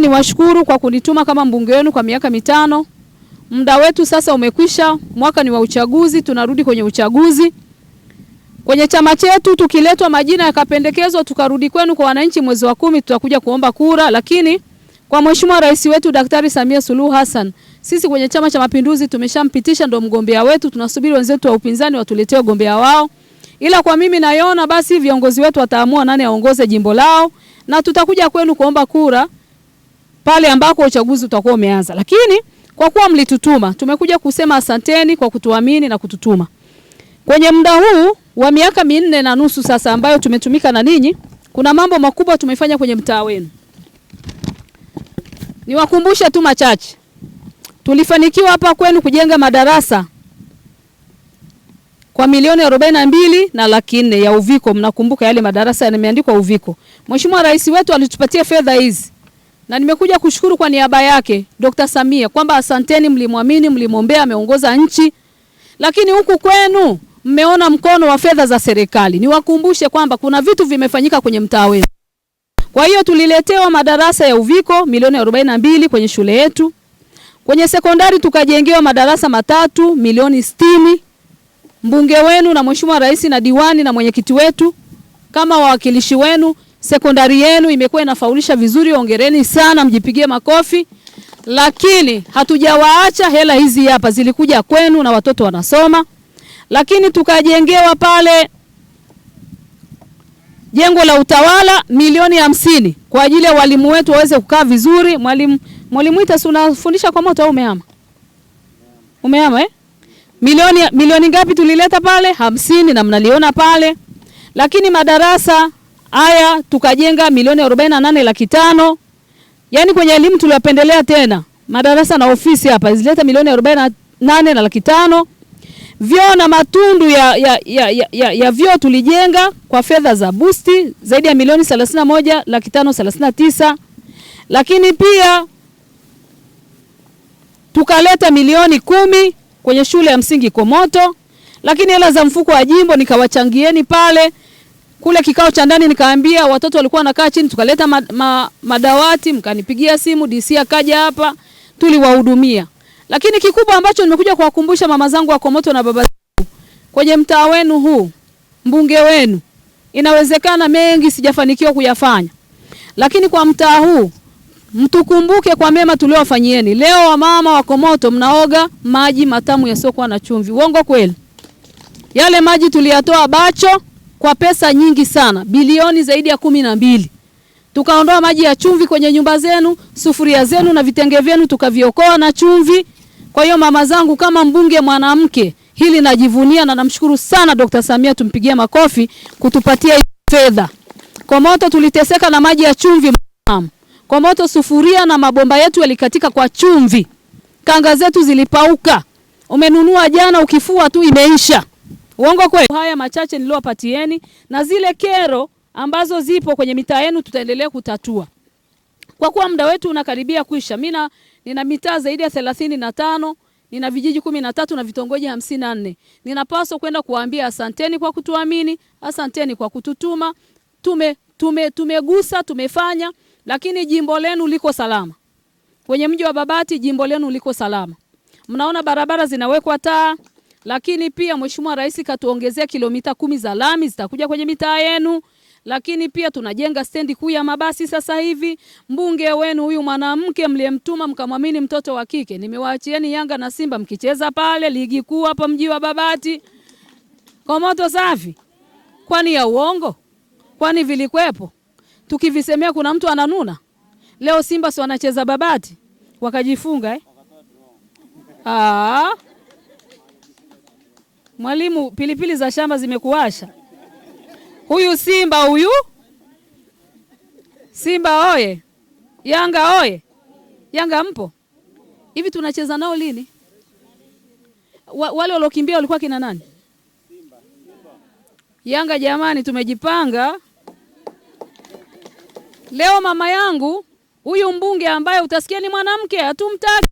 Niwashukuru kwa kunituma kama mbunge wenu kwa miaka mitano. Muda wetu sasa umekwisha, mwaka ni wa uchaguzi, tunarudi kwenye uchaguzi. Kwenye chama chetu tukiletwa majina yakapendekezwa tukarudi kwenu kwa wananchi mwezi wa kumi, tutakuja kuomba kura, lakini kwa Mheshimiwa Rais wetu Daktari Samia Suluhu Hassan, sisi kwenye Chama cha Mapinduzi tumeshampitisha, ndo mgombea wetu. Tunasubiri wenzetu wa upinzani watuletee ugombea wao, ila kwa mimi naiona basi viongozi wetu wataamua nani aongoze jimbo lao, na tutakuja kwenu kuomba kura pale ambako uchaguzi utakuwa umeanza. Lakini kwa kuwa mlitutuma, tumekuja kusema asanteni kwa kutuamini na kututuma kwenye muda huu wa miaka minne na nusu sasa ambayo tumetumika na ninyi. Kuna mambo makubwa tumefanya kwenye mtaa wenu. Niwakumbushe tu machache. Tulifanikiwa hapa kwenu kujenga madarasa kwa milioni arobaini na mbili na laki nne ya Uviko. Mnakumbuka yale madarasa yameandikwa Uviko. Mheshimiwa Rais wetu alitupatia fedha hizi na nimekuja kushukuru kwa niaba yake Dr. Samia kwamba asanteni, mlimwamini, mlimwombea, ameongoza nchi. Lakini huku kwenu mmeona mkono wa fedha za serikali. Niwakumbushe kwamba kuna vitu vimefanyika kwenye mtaa wenu. Kwa hiyo tuliletewa madarasa ya Uviko milioni 42 kwenye shule yetu. Kwenye sekondari tukajengewa madarasa matatu milioni 60. Mbunge wenu na Mheshimiwa Rais na diwani na mwenyekiti wetu kama wawakilishi wenu sekondari yenu imekuwa inafaulisha vizuri, ongereni sana, mjipigie makofi. Lakini hatujawaacha, hela hizi hapa zilikuja kwenu na watoto wanasoma, lakini tukajengewa pale jengo la utawala milioni hamsini kwa ajili ya walimu wetu waweze kukaa vizuri. Mwalimu mwalimu Ita, si unafundisha kwa moto au umehama? Umehama eh? Milioni, milioni ngapi tulileta pale? Hamsini, na mnaliona pale, lakini madarasa haya tukajenga milioni arobaini laki tano. Yaani kwenye elimu tuliwapendelea tena madarasa na ofisi hapa zileta milioni 48 na laki tano. Vyoo na matundu ya, ya, ya, ya, ya, ya vyoo tulijenga kwa fedha za busti zaidi ya milioni thelathini laki tano tisa, lakini pia tukaleta milioni kumi kwenye shule ya msingi Komoto, lakini hela za mfuko wa jimbo nikawachangieni pale kule kikao cha ndani nikaambia watoto walikuwa wanakaa chini, tukaleta ma, ma, madawati, mkanipigia simu, DC akaja hapa, tuliwahudumia. Lakini kikubwa ambacho nimekuja kuwakumbusha mama zangu wa Komoto na baba zangu, kwenye mtaa wenu huu, mbunge wenu, inawezekana mengi sijafanikiwa kuyafanya, lakini kwa mtaa huu mtukumbuke kwa mema tuliowafanyieni. Leo wamama wa Komoto mnaoga maji matamu yasiyokuwa na chumvi, uongo kweli? Yale maji tuliyatoa Bacho kwa pesa nyingi sana, bilioni zaidi ya kumi na mbili. Tukaondoa maji ya chumvi kwenye nyumba zenu, sufuria zenu na vitenge vyenu tukaviokoa na chumvi. Kwa hiyo mama zangu, kama mbunge mwanamke, hili najivunia na namshukuru sana Dr. Samia, tumpigie makofi kutupatia fedha. Kwa moto tuliteseka na maji ya chumvi, kwa moto sufuria na mabomba yetu yalikatika kwa chumvi, kanga zetu zilipauka. Umenunua jana, ukifua tu imeisha. Uongo kweli? Haya machache niliowapatieni na zile kero ambazo zipo kwenye mitaa yenu tutaendelea kutatua. Kwa kuwa muda wetu unakaribia kuisha, mimi nina mitaa zaidi ya thelathini na tano nina vijiji kumi na tatu na vitongoji hamsini na nne. Ninapaswa kwenda kuwaambia asanteni kwa kutuamini, asanteni kwa kututuma. Tume tume tumegusa, tumefanya, lakini jimbo lenu liko salama. Kwenye mji wa Babati jimbo lenu liko salama. Mnaona barabara zinawekwa taa lakini pia Mheshimiwa Rais katuongezea kilomita kumi za lami zitakuja kwenye mitaa yenu lakini pia tunajenga stendi kuu ya mabasi sasa hivi. Mbunge wenu huyu mwanamke mliyemtuma mkamwamini mtoto wa kike, nimewaachieni Yanga na Simba mkicheza pale ligi kuu hapa mji wa Babati kwa moto safi. Kwani ya uongo? Kwani vilikwepo? Tukivisemea kuna mtu ananuna? Leo Simba si wanacheza Babati wakajifunga eh? Ah. Mwalimu, pilipili za shamba zimekuwasha? Huyu Simba huyu, Simba oye! Yanga oye! Yanga mpo? Hivi tunacheza nao lini? wale waliokimbia walikuwa kina nani? Yanga jamani, tumejipanga leo. Mama yangu huyu mbunge ambaye utasikia ni mwanamke, hatumtaki.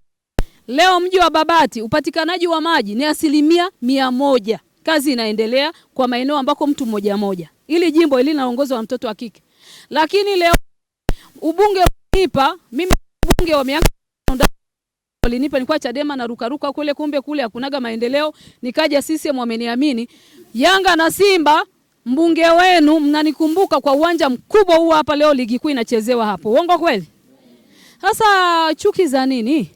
Leo mji wa Babati upatikanaji wa maji ni asilimia mia moja. Kazi inaendelea kwa maeneo ambako mtu mmoja mmoja, ili jimbo ili linaongozwa na mtoto wa kike, lakini leo ubunge unipa mimi, ubunge wa miaka ulinipa nilikuwa Chadema na rukaruka kule, kumbe kule hakunaga maendeleo, nikaja CCM wameniamini. Yanga na Simba, mbunge wenu mnanikumbuka kwa uwanja mkubwa huu hapa, leo ligi kuu inachezewa hapo. Uongo kweli? Sasa chuki za nini?